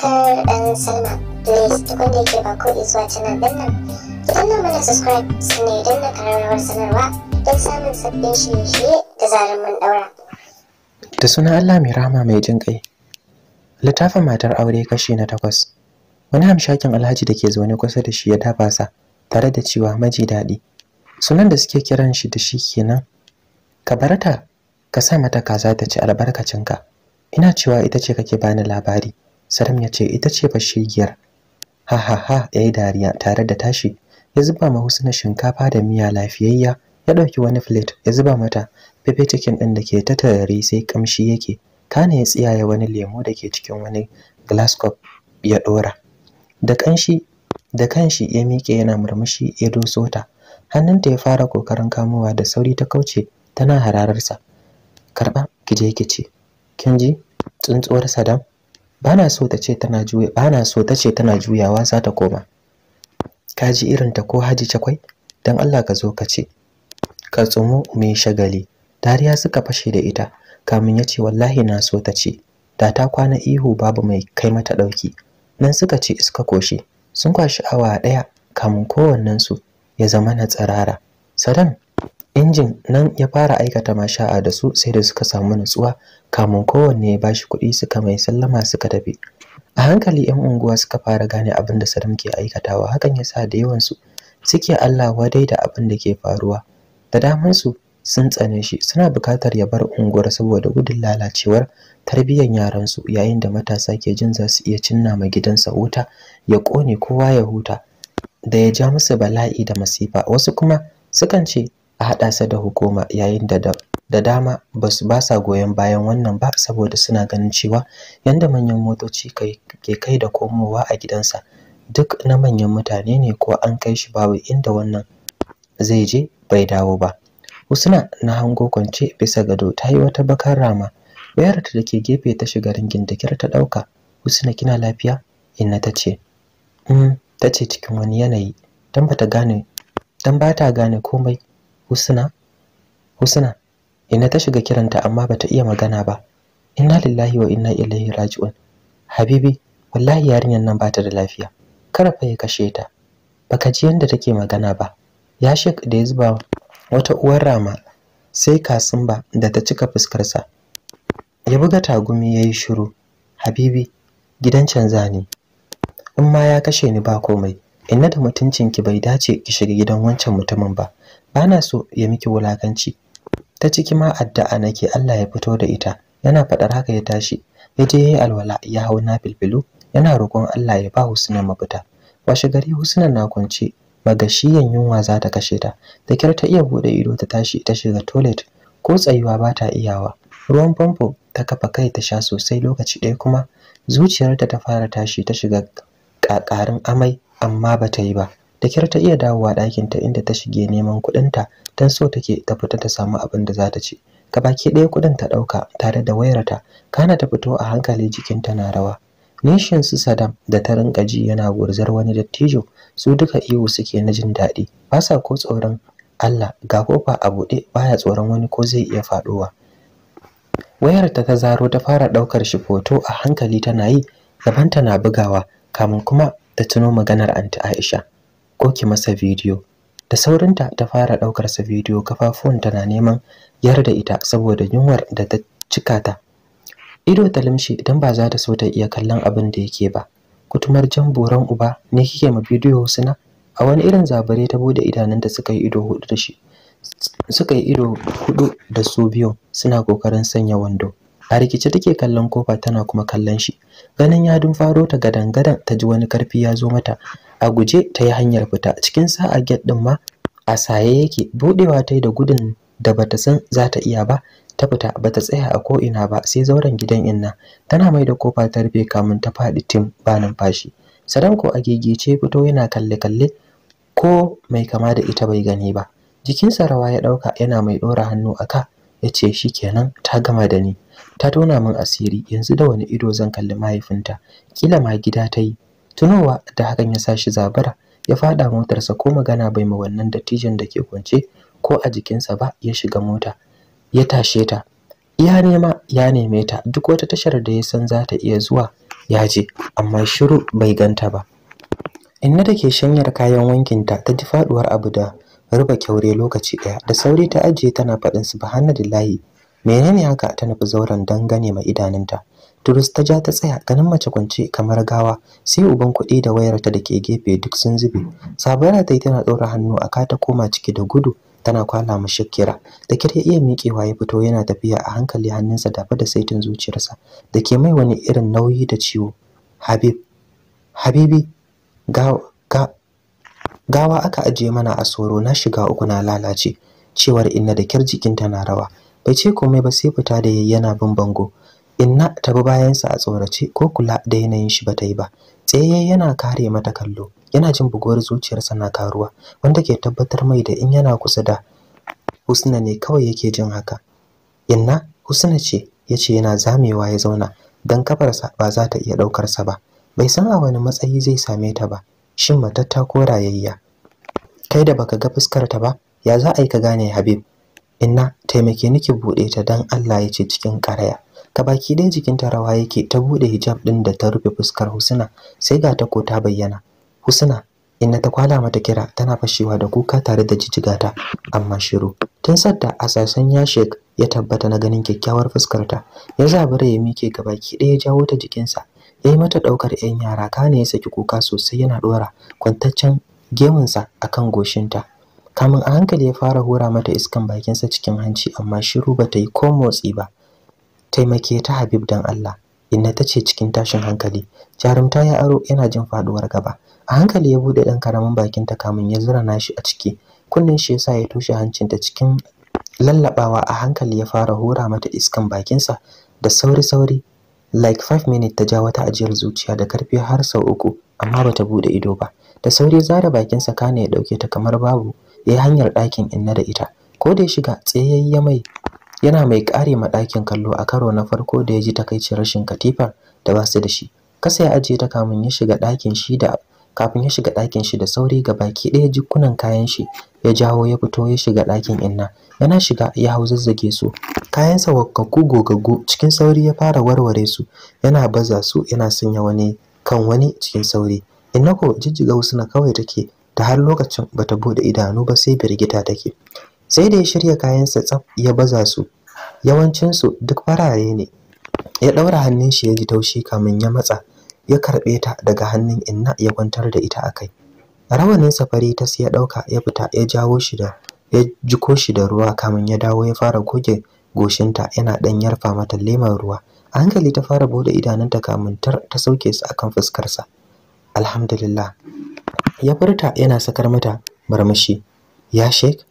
subscribe and sign up. Please da yake ba ko subscribe sanarwa don samun da zarar suna Allah mai rahama mai jin kai. Littafin matar aure kashi na takwas. Wani hamshakin Alhaji da ke zaune kusa da shi ya dafa sa tare da cewa maji daɗi. Sunan da suke kiran shi da shi kenan. Ka barata ka sa mata kaza ta ci albarkacinka. Ina cewa ita ce kake bani labari. Saram ya ce ita ce fashigiyar. Ha ha ha ya yi dariya tare da tashi ya zuba ma Husna shinkafa da miya lafiyayya ya ɗauki wani plate ya zuba mata pepe chicken ɗin da ke ta tare sai kamshi yake. Kana ya tsiyaye wani lemo da ke cikin wani glass cup ya ɗora. Da kanshi da ya miƙe yana murmushi ya doso ta. Hannunta ya fara kokarin kamowa da sauri ta kauce tana hararsa. Karɓa ki je ki ce. Kin ji tsuntsuwar Sadam bana so ta ce tana juya bana so ta ce tana juyawa za ta koma ka ji irin ta ko haji kwai? dan Allah ka zo ka ce ka tsumo mai shagali dariya suka fashe da ita kamin ya ce wallahi na so ta ce da ta kwana ihu babu mai kai mata dauki nan suka ce iska koshe, sun kwashi awa daya kamun kowannen su ya zama na tsarara sadan injin nan ya fara aikata masha'a da su sai da suka samu nutsuwa kamun kowanne ya bashi kuɗi suka mai sallama suka tafi a hankali 'yan unguwa suka fara gane abin da sadam ke aikatawa hakan ya sa da su suke Allah wadai da abin da ke faruwa da daman su sun tsane shi suna buƙatar ya bar unguwar saboda gudun lalacewar tarbiyyar yaransu yayin da matasa ke jin za su iya cinna ma gidansa wuta ya ƙone kowa ya huta da ya ja musu bala'i da masifa wasu kuma sukan ce a haɗa sa da hukuma yayin da da dama ba sa goyon bayan wannan ba saboda suna ganin cewa yanda manyan motoci ke kai da komowa a gidansa duk na manyan mutane ne ko an kai shi babu inda wannan zai je bai dawo ba Husna na hango kwance bisa gado ta yi wata bakar rama wayar ta dake gefe ta shiga ringin da ta dauka Husna kina lafiya inna tace mm tace cikin wani yanayi dan bata gane dan bata gane komai Husna Husna ina ta shiga kiranta amma bata iya magana ba inna lillahi wa inna ilaihi raji'un habibi wallahi yarinyar nan bata da lafiya Kada fa ya kashe ta baka ji yanda take magana ba ya shek da ya zuba wata uwar rama sai kasimba da ta cika fuskarsa ya buga tagumi yayi shiru habibi gidan canza ne in ma ya kashe ni ba komai inna da mutuncinki bai dace ki shiga gidan wancan mutumin ba bana so ya miki wulakanci ta ciki ma addu'a nake Allah ya fito da ita yana fadar haka ya tashi ya je yayi alwala ya hau na bilbilu yana roƙon Allah ya ba Husna mafita washe gari Husna na kwance magashiyan yunwa za ta kashe ta da kyar ta iya bude ido ta tashi ta shiga toilet ko tsayuwa ba ta iyawa ruwan famfo ta kafa kai ta sha sosai lokaci ɗaya kuma zuciyarta ta fara tashi ta shiga ƙaƙarin amai amma ba ta yi ba da kyar ta iya dawowa ɗakinta inda ta shige neman kuɗinta don so take ta fita ta samu abin da za ta ci gabaki ɗaya kuɗin ta ɗauka tare da wayarta kana ta fito a hankali jikinta na rawa nishin su sadam da ta rinka ji yana gurzar wani dattijo su duka ihu suke na jin daɗi ba sa ko tsoron Allah ga kofa a buɗe baya tsoron wani ko zai iya faɗowa wayarta ta zaro ta fara ɗaukar shi foto a hankali tana yi gabanta na bugawa kamun kuma ta tuno maganar anti Aisha ko ki masa bidiyo da saurinta ta fara daukar sa bidiyo kafafuwan tana neman yarda ita saboda yunwar da ta cika ta ido ta limshe idan ba za ta so ta iya kallon abin da yake ba kutumar jan boran uba ne kike ma bidiyo suna a wani irin zabare ta bude idanunta suka yi ido hudu da shi suka yi ido hudu da su biyu suna kokarin sanya wando a rikice take kallon kofa tana kuma kallon shi ganin ya dun faro ta gadan gadan ta ji wani karfi ya zo mata a guje ta yi hanyar fita cikin sa'a gate din ma a saye yake budewa ta yi da gudun da bata san za ta iya ba ta fita bata tsaya a ko ina ba sai zauren gidan inna tana mai da kofa ta rufe kamun ta faɗi tim ba numfashi sadanko a gegece fito yana kalle kalle ko mai kama da ita bai gani ba jikinsa rawa ya ɗauka yana mai ɗora hannu a ka ya ce shi kenan ta gama da ni ta tona min asiri yanzu da wani ido zan kalli mahaifinta kila ma gida ta yi tunowa da hakan ya sa shi zabara ya fada motarsa ko magana bai ma wannan dattijon da ke kwance ko a jikinsa ba ya shiga mota ya tashe ta ya nema ya neme ta duk wata tashar da ya san za ta iya zuwa ya je amma shiru bai ganta ba inna da shanyar kayan wankinta ta ji faduwar abu da ruba kyaure lokaci daya da sauri ta ajiye tana faɗin subhanallahi menene haka ta nufi zauren dangane ma idanunta turus ta ja ta tsaya ganin mace kwance kamar gawa sai uban kuɗi da wayarta da ke gefe duk sun zube sabara ta yi tana ɗora hannu a kata koma ciki da gudu tana kwala mu shakira da kira iya miƙewa ya fito yana tafiya a hankali hannunsa dafa da saitin zuciyarsa da ke mai wani irin nauyi da ciwo habib habibi ga, ga, gawa aka ajiye mana a soro na shiga uku na lalace cewar inna da kyar jikinta na rawa bai ce komai ba sai fita da yayi yana bin bango inna ta bi bayansa a tsorace ko kula da yanayin shi ba ta yi ba tsaye yana kare mata kallo yana jin buguwar zuciyarsa na karuwa wanda ke tabbatar mai da in yana kusa da husna ne kawai yake jin haka inna husna ce ya ce yana zamewa ya zauna don kafarsa ba za ta iya ɗaukarsa ba bai san a wani matsayi zai same ta ba shin matatta ko rayayya kai da baka ga fuskarta ba ya za a yi ka gane habib inna taimake ni ki buɗe ta don allah ya ce cikin karaya baki ɗaya jikinta rawa yake ta bude hijab ɗin da ta rufe fuskar Husna sai ga ta ko ta bayyana. Husna inna ta kwala mata kira tana fashewa da kuka tare da jijigata amma shiru. Tun sadda asasan Yashik ya tabbata na ganin kyakkyawar fuskar ta ya zabura ya mike baki ɗaya jawo ta jikinsa yayi mata daukar yan yara kane ya saki kuka sosai yana dora kwantaccen gemunsa akan goshinta. kamun a hankali ya fara hura mata iskan bakinsa cikin hanci amma shiru bata yi ko motsi ba taimake ta Habib dan Allah inna ta ce cikin tashin hankali jarumta ya aro yana jin faduwar gaba a hankali ya bude dan karamin bakin ta kamun ya zura nashi a ciki kunnen shi yasa ya toshe hancinta cikin lallabawa a hankali ya fara hora mata iskan bakinsa da sauri sauri like 5 minutes ta ja wata ajiyar zuciya da karfi har sau uku amma bata bude ido ba da sauri zara bakinsa kane ya dauke ta kamar babu yayi hanyar ɗakin inna da ita ko da ya shiga tsayayye mai yana mai kare ma ɗakin kallo a karo na farko da ya ji takaicin rashin katifar da basu da shi kasa ya ajiye ta kamun ya shiga ɗakin shi da kafin ya shiga dakin shi da sauri ga baki ɗaya jikunan kayan shi ya jawo ya fito ya shiga ɗakin inna yana shiga ya hau zazzage su kayansa wakakku gogaggu cikin sauri ya fara warware su yana baza su yana sanya wani kan wani cikin sauri inna ko jijjiga wasu na kawai take da har lokacin bata bude idanu ba sai birgita take sai da ya shirya kayansa tsaf ya baza su yawancinsu duk farare ne ya ɗaura hannun shi ya ji taushi kamin ya matsa ya karɓe ta daga hannun inna ya kwantar da ita akai. rawanin safari ta ya ɗauka ya fita ya jawo shi da ya jiko shi da ruwa kamin ya dawo ya fara goge goshinta yana ɗan yarfa mata leman ruwa a hankali ta fara bude idanunta kamin ta sauke su akan fuskarsa alhamdulillah ya furta yana sakar mata marmashi ya shek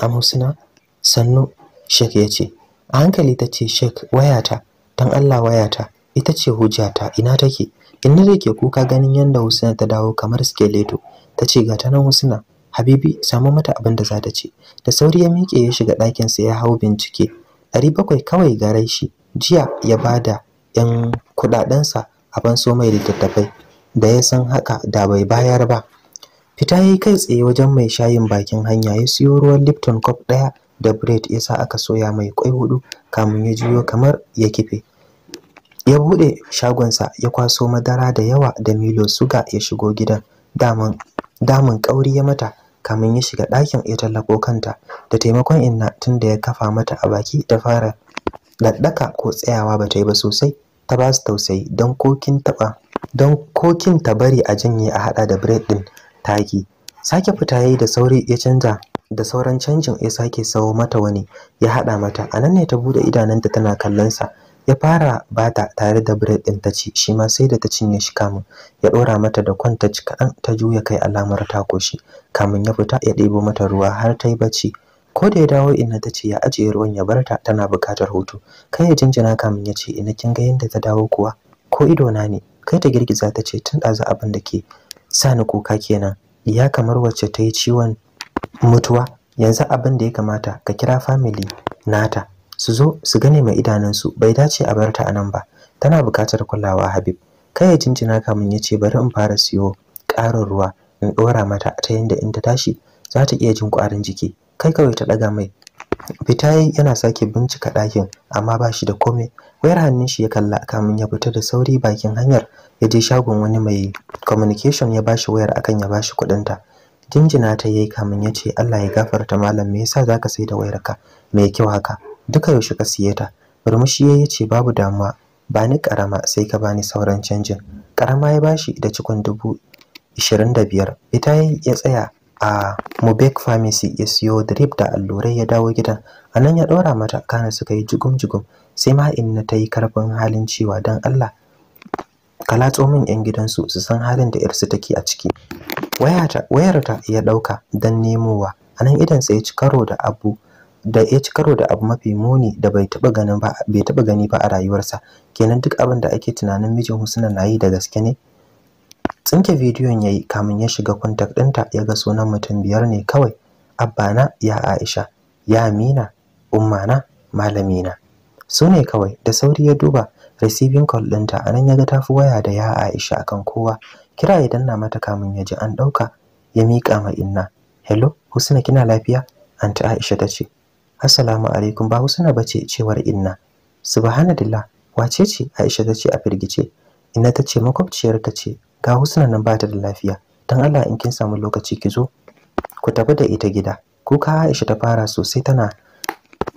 na husna sannu shek ya ce a hankali ta ce shek wayata don allah wayata ita ce hujjata ina take In da ke kuka ganin yadda husna ta dawo kamar skeleto ta ce ga ta nan husna habibi samu mata abin da za ta ce da sauri ya miƙe ya shiga ɗakinsa ya hau bincike ɗari bakwai kawai rai shi jiya ya ba da yan kuɗaɗensa a so mai littattafai da ya san haka da bai bayar ba fita yayi kai tsaye wajen mai shayin bakin hanya ya siyo ruwan Lipton cup ɗaya da bread sa aka soya mai kwai hudu kamun ya juyo kamar ya kife ya bude shagonsa ya kwaso madara da yawa da milo suga ya shigo gidan daman daman kauri ya mata kamun ya shiga ɗakin ya tallako kanta da taimakon inna tunda ya kafa mata a baki ta fara daddaka ko tsayawa ba ta yi ba sosai ta ba su tausayi don kokin taba don kokin ta bari a janye a haɗa da bread din taki sake fita yayi da sauri ya canja da sauran canjin ya sake sawo mata wani ya hada mata a nan ne ta bude idananta tana kallon sa ya fara bata tare da bread din ta ci shi ma sai da ta cinye shi kamun ya dora mata da kwanta ci kadan ta juya kai alamar ta koshi kamun ya fita ya debo mata ruwa har ta yi bacci ko da ya dawo inna ta ce ya ajiye ruwan ya barta tana bukatar hutu kai ya jinjina kamun ya ce ina kin ga yadda ta dawo kuwa ko ido na ne kai ta girgiza ta ce tun ɗazu abin da ke sani kuka kenan ya kamar wacce ta yi ciwon mutuwa yanzu abin da ya kamata ka kira family nata su zo su gane mai idanunsu bai dace a bar ta nan ba tana buƙatar kulawa habib kai ya jinjina kamun ya ce bari in fara siyo ƙarin ruwa in ɗora mata ta yadda in ta tashi za ta iya jin ƙwarin jiki kai kawai ta ɗaga mai fita yana sake bincika ɗakin amma ba shi da komai wayar hannun shi ya kalla kamun ya fita da sauri bakin hanyar ya je shagon wani mai communication ya bashi wayar akan ya bashi kuɗin ta jinjina ta yayi kamin ya ce Allah ya gafarta malam me yasa zaka sai da wayarka mai kyau haka duka yaushe ka siye ta murmushi ya ce babu damuwa ba ni karama sai ka bani sauran canjin karama ya bashi da cikon dubu 25 ita ya tsaya a Mubek Pharmacy ya siyo drip da allurai ya dawo gidan anan ya ɗora mata kana suka yi jigum jigum sai ma inna ta yi karfin halin cewa dan Allah latso min yan gidansu su san halin da yarsu take a ciki wayata wayarta ya dauka dan nemowa anan idan sai ya ci karo da abu da ya ci karo da abu mafi muni da bai taba ganin ba bai taba gani ba a rayuwarsa kenan duk abin da ake tunanin mijin Husna na yi da gaske ne tsinke bidiyon yayi kamin ya shiga kwantak ɗinta ya ga sunan mutum biyar ne kawai Abba na, ya Aisha ya Amina ummana malamina su ne kawai da sauri ya duba receiving call ɗinta a nan ya ga tafi waya da ya Aisha akan kowa kira ya danna mata kamun ya ji an ɗauka ya miƙa ma inna hello Husna kina lafiya anti Aisha ta ce assalamu alaikum ba Husna bace cewar inna subhanallah wace ce Aisha ta ce a firgice inna ta ce makwabciyar ta ce ga Husna nan ba ta da lafiya dan Allah in kin samu lokaci ki zo ku tafi da ita gida kuka Aisha ta fara sosai tana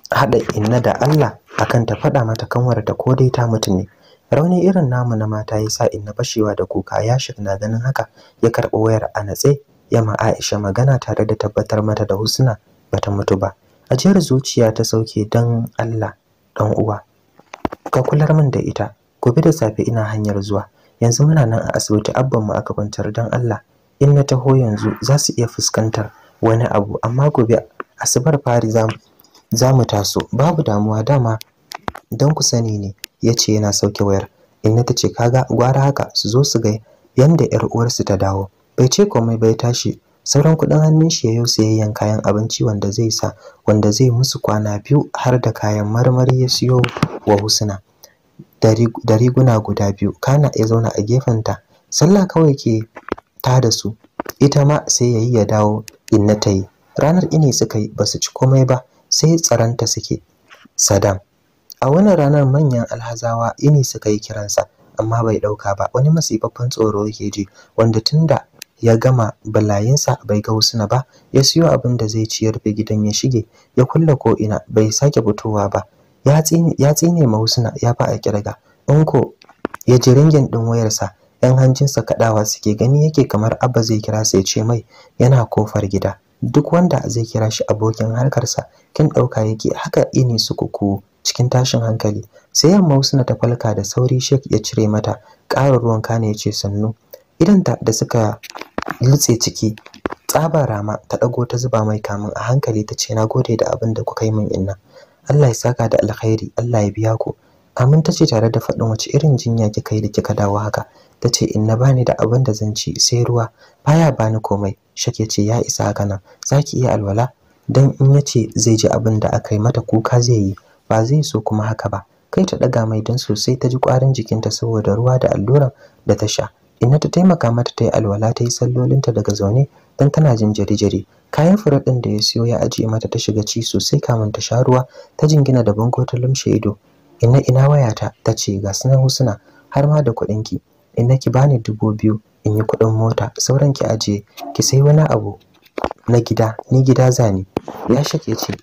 haɗa inna da Allah akan ta faɗa mata kanwarta ko dai ta mutu ne rauni irin namu na mata yasa sa na fashewa da kuka ya na ganin haka ya karɓi wayar a natse ya ma Aisha magana tare da tabbatar mata da Husna bata mutu ba ajiyar zuciya ta sauke dan Allah dan uwa ka kular min da ita gobe da safe ina hanyar zuwa yanzu muna nan a asibiti abban mu aka kwantar dan Allah in na taho yanzu za su iya fuskantar wani abu amma gobe asabar fari za mu za mu taso babu damuwa dama don ku sani ne ya ce yana sauke wayar inna ta ce kaga gwara haka su zo su ga yanda yar uwarsu ta dawo bai ce komai bai tashi sauran kuɗin hannun shi sai sayayyan kayan abinci wanda zai sa wanda zai musu kwana biyu har da kayan marmari ya siyo wa husuna. da riguna guda biyu kana ya zauna a gefen ta? sallah kawai ke ta da su ita ma sai yayi ya dawo inna ta yi ranar ini suka yi basu ci komai ba sai tsaranta suke sadam a wani ranar manyan alhazawa ini suka yi kiransa amma bai ɗauka ba wani masifaffen tsoro yake ji wanda tunda ya gama balayinsa bai ga husna ba ya siyo abin da zai ciyar da gidan ya shige ya kulle ko ina bai sake fitowa ba ya tsine ma husna ya fa a kirga in ya ji ringin din wayarsa yan hancinsa kaɗawa suke gani yake kamar abba zai kira sai ce mai yana kofar gida duk wanda zai kira shi abokin harkarsa kin ɗauka yake haka ini su kuku cikin tashin hankali sai yamma usna ta falka da sauri shek ya cire mata ƙara ruwan kane ya ce sannu idanta da suka lutse ciki tsaba rama ta ɗago ta zuba mai kamun a hankali ta ce na gode da abin da kuka yi min inna Allah ya saka da alkhairi Allah ya biya ku Amin ta ce tare da faɗin wace irin jinya kika yi da kika dawo haka. Ta ce in na bani da abin da zan ci sai ruwa baya bani komai. Shake ce ya isa haka nan. Za ki iya alwala? Dan in ya ce zai ji abin da aka yi mata kuka zai yi ba zai so kuma haka ba. Kai ta ɗaga mai don sosai ta ji ƙwarin jikinta saboda ruwa da alluran da ta sha. Inna ta taimaka mata ta yi alwala ta yi sallolinta daga zaune don tana jin jiri-jiri. Kayan fure da ya siyo ya ajiye mata ta shiga ci sosai kamun ta sha ruwa ta jingina da bango ta lumshe ido. ina ina wayata ta ce ga sunan husuna, har ma da kuɗin ki inna ki bani dubu biyu in yi kuɗin mota sauran ki ajiye ki sai wani abu na gida ni gida zani ya shake ce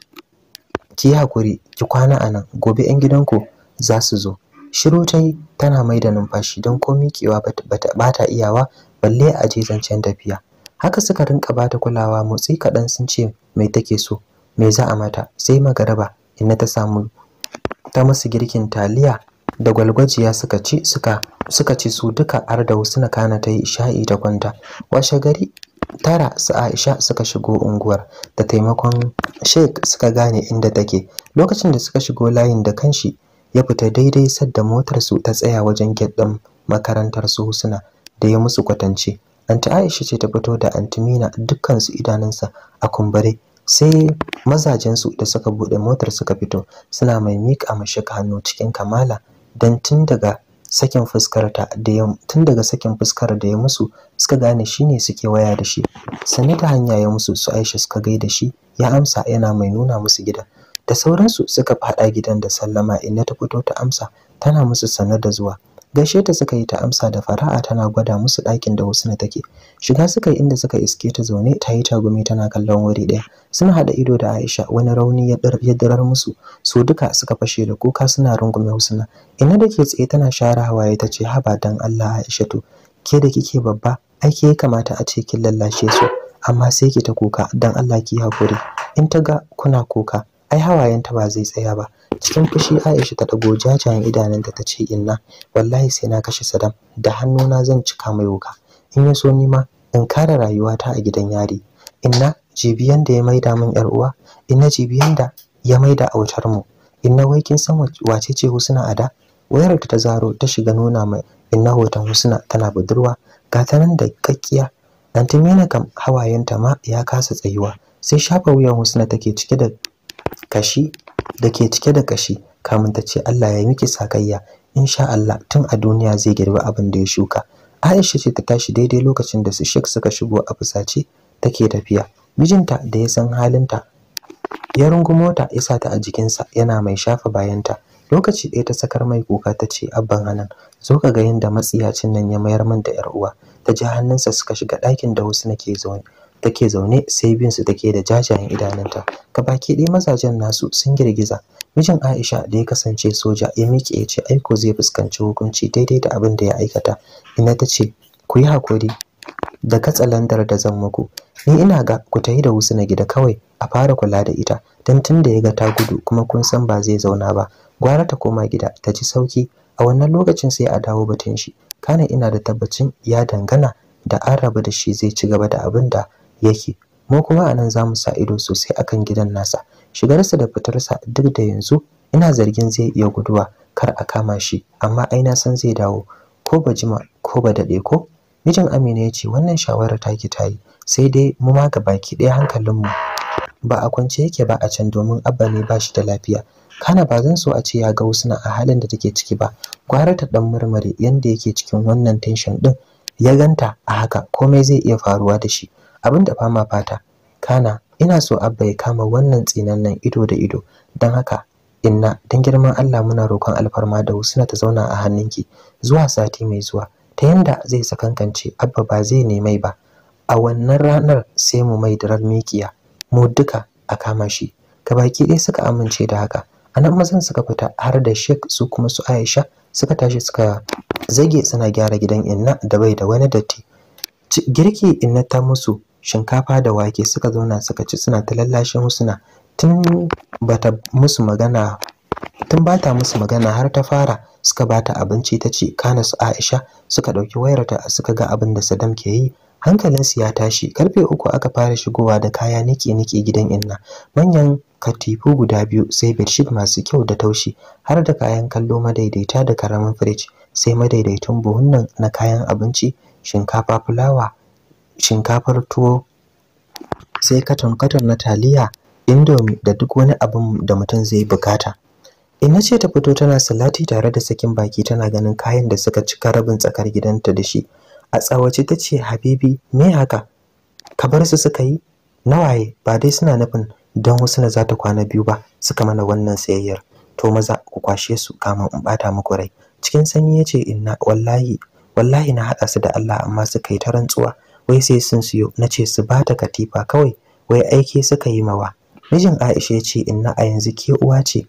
ki yi hakuri ki kwana a nan gobe 'yan gidanku za su zo shiru ta tana mai da numfashi don komai kewa ba ta iyawa balle a je zancen tafiya haka suka rinka ba ta kulawa motsi kaɗan sun ce mai take so me za a mata sai magaraba inna ta samu ta musu girkin taliya da gwalgwajiya suka ci suka suka ci su duka har da Husna Kana ta yi isha'i ta kwanta washe gari tara su Aisha suka shigo unguwar da taimakon Sheikh suka gane inda take lokacin da suka shigo layin da kanshi ya fita daidai sadda motar su ta tsaya wajen gate makarantar su Husna da ya musu kwatance Anti Aisha ce ta fito da Antimina dukkan su idanunsa a kumbare sai mazajensu da suka buɗe motar suka fito suna mai miƙa mashi hannu cikin kamala don tun daga sakin fuskar ta da ya tun daga sakin fuskar da ya musu suka gane shine suke waya da shi sanin ta hanya ya musu su Aisha suka gaida shi ya amsa yana mai nuna musu gidan da sauransu suka fada gidan da sallama inna ta fito ta amsa tana musu sanar da zuwa Gaishe ta suka yi ta amsa da fara'a tana gwada musu ɗakin da Husna take. Shiga suka yi inda suka iske ta zaune ta yi tagumi tana kallon wuri ɗaya. suna haɗa ido da Aisha wani rauni ya darar musu su duka suka fashe da kuka suna rungume Husna. Ina da ke tsaye tana share hawaye ta ce haba dan Allah Aisha to, ke da kike babba aiki ya kamata a ce kin lallashe su amma sai ki ta kuka dan Allah ki hakuri in ta ga kuna kuka ai hawayenta ba zai tsaya ba cikin fushi Aisha ta dago jajayen idanunta ta ce inna wallahi sai na kashe Saddam da hannuna zan cika mai wuka in ya so ni ma in kare rayuwata a gidan yari inna jibiyan da ya maida min yar uwa inna jibiyan da ya maida autar mu inna wai kin san wace ce Husna ada wayar ta zaro ta shiga nuna mai inna hoton Husna tana budurwa ga ta nan da kakkiya na kam hawayenta ma ya kasa tsayuwa sai shafa wuyan Husna take cike da kashi da ke cike da kashi kamun ta ce Allah ya miki sakayya insha Allah tun a duniya zai girbi abin da ya shuka Aisha ce ta tashi daidai lokacin da su Sheikh suka shigo a fusace take tafiya mijinta da ya san halinta ya rungumo ta ya sa ta a jikinsa yana mai shafa bayanta lokaci ɗaya ta sakar mai kuka ta ce abban hanan zo ka ga yadda matsiyacin nan ya mayar min da yar uwa ta ji hannunsa suka shiga ɗakin da wasu nake zaune take zaune sai bin su take da jajayen idanunta baki ɗaya mazajen nasu sun girgiza mijin Aisha da ya kasance soja ya miƙe ya ce aiko zai fuskanci hukunci daidai da abin da ya aikata ina ta ce ku yi hakuri da katsalandar da zan muku ni ina ga ku yi da na gida kawai a fara kula da ita dan da ya ga ta gudu kuma kun san ba zai zauna ba gwara ta koma gida ta ji sauki a wannan lokacin sai a dawo batun shi kana ina da tabbacin ya dangana da an rabu da shi zai ci gaba da abin da yake mu kuma anan za mu sa ido sosai akan gidan nasa shigarsa da fitarsa duk da yanzu ina zargin zai iya guduwa kar a kama shi amma ai na san zai dawo ko ba jima ko ba dade ko mijin Amina ya ce wannan shawara ta ki tayi sai dai mu ma ga baki ɗaya hankalinmu ba a kwance yake ba a can domin abba ne ba shi da lafiya kana ba zan so a ce ya ga usna a halin da take ciki ba gwara ta dan murmure yanda yake cikin wannan tension din ya ganta a haka komai zai iya faruwa da shi abin da fama fata kana ina so abba ya kama wannan tsinannen ido da ido don haka inna don girman Allah muna roƙon alfarma da husna ta zauna a hannunki zuwa sati mai zuwa ta yanda zai sakankance abba ba zai nema ba a wannan ranar sai mu mai da mikiya mu duka a kama shi baki ɗaya suka amince da haka anan mazan suka fita har da shek su kuma su aisha suka tashi suka zage suna gyara gidan inna da bai da wani datti girki inna ta musu shinkafa da wake suka zauna suka ci suna ta lallashin Husna tun bata musu magana tun bata musu magana har ta fara suka bata abinci ta ce kana su Aisha suka dauki wayarta suka ga abin da Saddam ke yi Hankalin su ya tashi karfe uku aka fara shigowa da kaya niki-niki gidan inna manyan katifu guda biyu sai bedsheet masu kyau da taushi har da kayan kallo madaidaita da karamin fridge sai madaidaitun buhunnan na kayan abinci shinkafa fulawa shinkafar tuwo sai katon katon na taliya indomi da duk wani abin da mutum zai bukata ina ce ta fito tana salati tare da sakin baki tana ganin kayan da suka cika rabin tsakar gidanta da shi a tsawace ta ce habibi me haka ka bar su suka yi nawaye ba dai suna nufin don wasu na zata kwana biyu ba suka mana wannan sayayyar to maza ku kwashe su kama in bata muku rai cikin sanyi ya ce inna wallahi wallahi na haɗa su da Allah amma suka yi ta rantsuwa wai sai sun siyo na ce su ba ta katifa kawai wai aiki suka yi mawa mijin aisha ce inna a yanzu ke uwa ce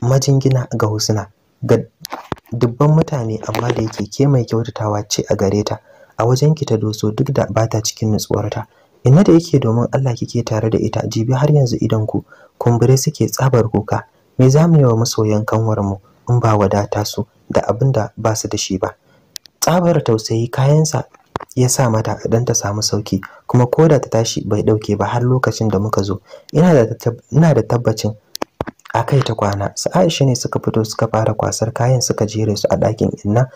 majingina ga husna ga dubban mutane amma da yake ke mai kyautatawa ce a gare ta a wajen ki ta doso duk da ba ta cikin nutsuwarta inna da yake domin Allah kike tare da ita jibi har yanzu idan ku kumbure suke tsabar kuka me za mu yi wa masoyan kanwar mu in ba wadata su da abin da ba su da shi ba tsabar tausayi kayansa ya sa mata dan ta samu sauki kuma ko da ta tashi bai ɗauke ba har lokacin da muka zo ina da tabbacin a kai ta kwana su aisha ne suka fito suka fara kwasar kayan suka jere su a ɗakin inna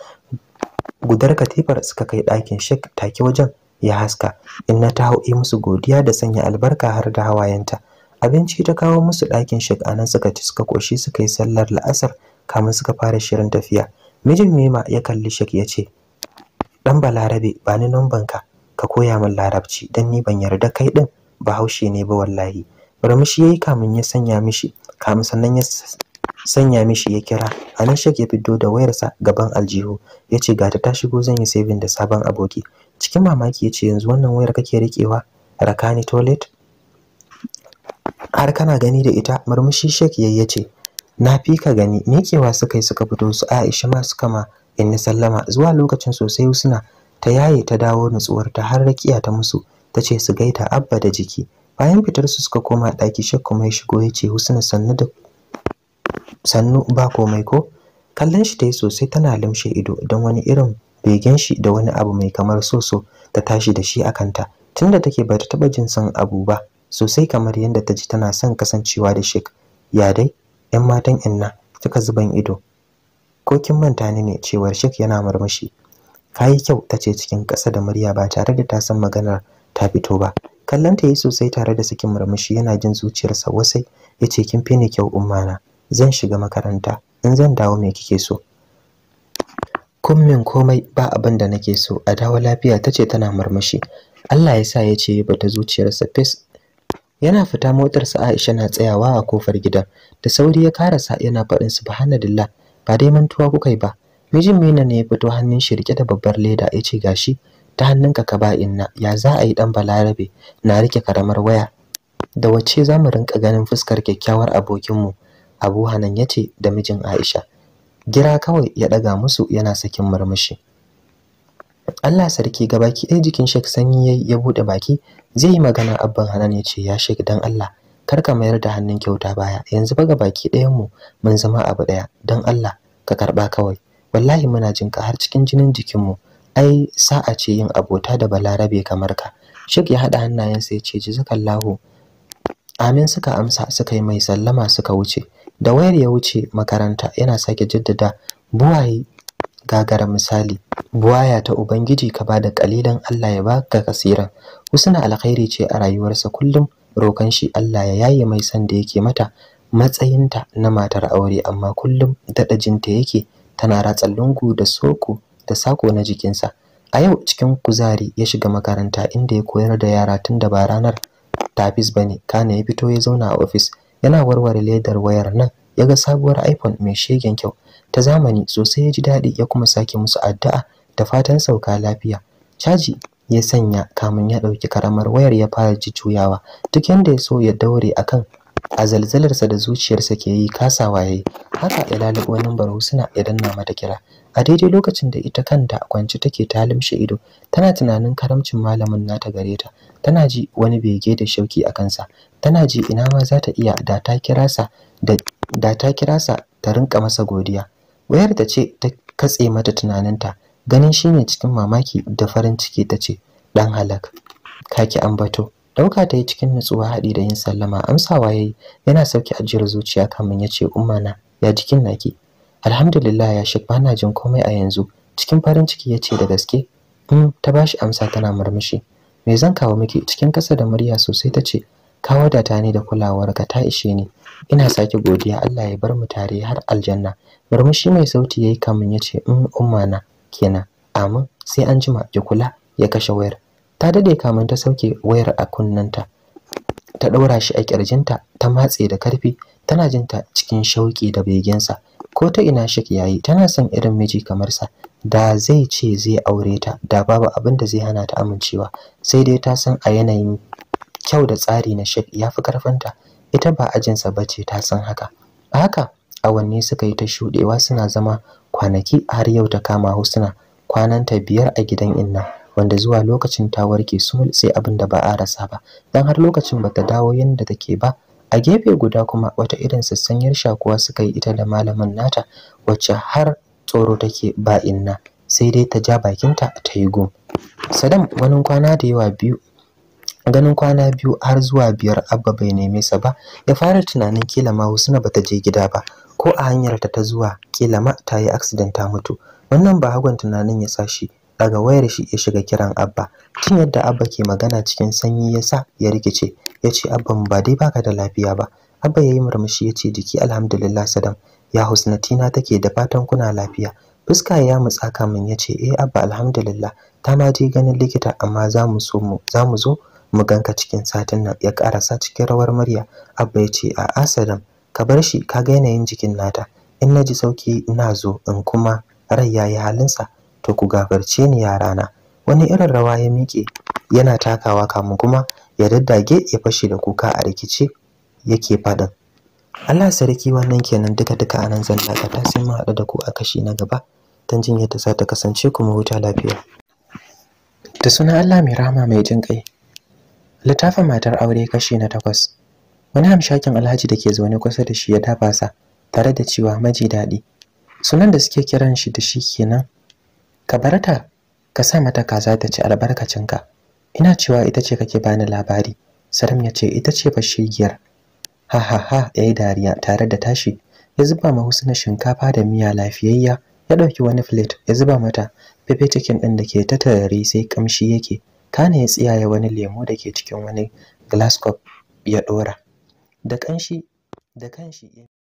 gudar katifar suka kai ɗakin shek take wajen ya haska inna ta hau musu godiya da sanya albarka har da hawayenta abinci ta kawo musu ɗakin shek anan suka ci suka koshi suka yi sallar la'asar kamin suka fara shirin tafiya mijin mema ya kalli shek ya ce dan balarabe ba ni numban ka ka koya min larabci dan ni ban yarda kai din bahaushe ne ba wallahi murmushi yayi kamun ya sanya mishi kamun sannan ya sanya mishi ya kira anan shek ya fito da wayarsa gaban aljihu yace gata ta shigo zan yi saving da sabon aboki cikin mamaki yace yanzu wannan wayar kake rikewa rakani toilet har kana gani da ita murmushi shek yayi yace na fi ka gani mikewa suka yi suka fito su Aisha ma suka ma in sallama zuwa lokacin sosai husna ta yaye ta dawo nutsuwar ta har rakiya ta musu ta ce su gaita abba da jiki bayan fitar su suka koma ɗaki shakku mai shigo ya ce husna sannu da sannu ba komai ko kallon shi ta yi sosai tana limshe ido don wani irin begen shi da wani abu mai kamar soso ta tashi da shi a kanta tunda take bata taba jin son abu ba sosai kamar yadda ta ji tana son kasancewa da shek ya dai yan matan inna suka zuban ido ko kin manta ni ne cewar shek yana murmushi kai kyau tace cikin kasa da murya ba tare da ta san maganar ta fito ba Kallon ta yi sosai tare da sakin murmushi yana jin zuciyar zuciyarsa wasai yace kin fi ni kyau ummana zan shiga makaranta in zan dawo me kike so kummin komai ba abin da nake so a dawo lafiya tace tana murmushi Allah ya sa ya ce bata sa fes yana fita motarsa Aisha na tsayawa a kofar gidan da sauri ya karasa yana faɗin subhanallahi ba dai mantuwa kuka yi ba mijin mina ne ya fito hannun shi rike da babbar leda ya ce gashi ta hannunka ka ba inna ya za a yi dan balarabe na rike karamar waya da wacce za mu rinka ganin fuskar kyakkyawar abokinmu abu hanan ya ce da mijin aisha gira kawai ya ɗaga musu yana sakin murmushi Allah sarki gabaki ɗaya jikin shek sanyi ya ya bude baki zai yi magana abban Hanan ya ce ya shek dan Allah kar ka mayar da hannun kyauta baya yanzu ba baki ɗayan mu mun zama abu ɗaya don Allah ka karɓa kawai wallahi muna jin ka har cikin jinin jikin mu ai sa'a ce yin abota da balarabe kamar ka shek ya hada hannayensa ya ce jazakallahu amin suka amsa suka yi mai sallama suka wuce da wayar ya wuce makaranta yana sake jaddada buwaye gagara misali buwaya ta ubangiji ka bada kalilan Allah ya baka kasiran husna alkhairi ce a rayuwarsa kullum roƙon shi Allah ya yaye mai san da yake mata matsayinta na matar aure amma kullum daɗajinta yake tana ratsa lungu da soko da sako na jikinsa a yau cikin kuzari ya shiga makaranta inda ya koyar da yara tun da ba ranar tafis ba ne kana ya fito ya zauna a ofis yana warware ledar wayar nan ya ga sabuwar iphone mai shegen kyau ta zamani sosai ya ji daɗi ya kuma sake musu addu'a da fatan sauka lafiya caji ya sanya kamun ya ɗauki karamar wayar ya fara jujjuyawa duk yanda ya so ya daure akan a zalzalarsa da zuciyarsa ke yi kasawa yayi haka ya lalubo lambar suna ya danna mata kira a daidai lokacin da ita kanta kwance take ta limshe ido tana tunanin karamcin malamin nata gare ta tana ji wani bege da shauki a kansa tana ji ina ma za ta iya da ta kira sa da da ta kira sa ta rinka masa godiya wayar ta ce ta katse mata tunaninta ganin shi ne cikin mamaki da farin ciki ta ce ɗan halak kaki ambato ɗauka ta yi cikin nutsuwa haɗi da yin sallama amsawa ya yi yana sauke ajiyar zuciya kamin ya ce ummana ya jikin naki alhamdulillah ya shi na jin komai a yanzu cikin farin ciki ya ce da gaske in mm, ta bashi amsa tana murmushi me zan kawo miki cikin kasa da murya sosai ta ce da ta ne da kulawarka ta ishe ni ina sake godiya Allah ya bar mu tare har aljanna murmushi mai sauti yayi kamun ya ce in mm, na kenan amma sai an jima ki kula ya kashe wayar ta dade kamun ta sauke wayar a kunnanta ta daura shi a kirjinta ta matse da karfi tana jin ta cikin shauki da begensa ko ta ina shi yayi tana son irin miji kamar sa da zai ce zai aure ta da babu abin da zai hana ta amincewa sai dai ta san a yanayin kyau da tsari na shik yafi karfanta ita ba ajinsa bace ta san haka a haka awanni suka yi ta shudewa suna zama kwanaki har yau ta kama husna kwanan ta biyar a gidan inna wanda zuwa lokacin ta warke sumul sai abin da ba a rasa ba dan har lokacin ba ta dawo yanda take ba a gefe guda kuma wata irin sassanyar shakuwa suka yi ita da malamin nata wacce har tsoro take ba inna sai dai ta ja bakinta ta yi gum sadam wani kwana da yawa biyu ganin kwana biyu har zuwa biyar abba bai neme sa ba ya fara tunanin kila ma husna ta je gida ba ko a hanyar ta ta zuwa kila ma ta yi accident ta mutu wannan ba hagon tunanin ya sa shi daga wayar shi ya shiga kiran abba tun yadda abba ke magana cikin sanyi ya sa ya rikice ya ce abban ba dai baka da lafiya ba abba ya yi murmushi ya ce jiki alhamdulillah sadam ya husnatina take da fatan kuna lafiya fuska ya mutsa min ya ce eh abba alhamdulillah ta ma je ganin likita amma za mu so mu za mu zo mu ganka cikin satin nan ya karasa cikin rawar murya abba ya ce a asadam ka bar shi ka ga yanayin jikin nata in na ji sauki ina zo in kuma rai yayi halinsa to ku gafarce ni yarana wani irin rawa ya miƙe yana takawa kamun kuma ya daddage ya fashe da kuka a rikice yake faɗin Allah sarki wannan kenan duka duka anan zan dakata sai mu haɗu da ku a kashi na gaba dan jin yadda za ta kasance kuma huta lafiya da suna Allah mai rahama mai jin kai littafin matar aure kashi na takwas wani hamshakin alhaji da ke zaune kusa da shi ya dafa sa tare da cewa maji daɗi sunan da suke kiran shi da shi kenan ka barata ka sa mata kaza ta ci albarkacinka ina cewa ita ce kake bani labari saram ya ce ita ce bashigiyar ha ha ha ya yi dariya tare da tashi ya zuba ma husna shinkafa da miya lafiyayya ya ɗauki wani plate ya zuba mata pepe chicken ɗin da ke ta tarari sai kamshi yake kana ya tsiyaye wani lemo da ke cikin wani glass ya ɗora. da kanshi da kanshi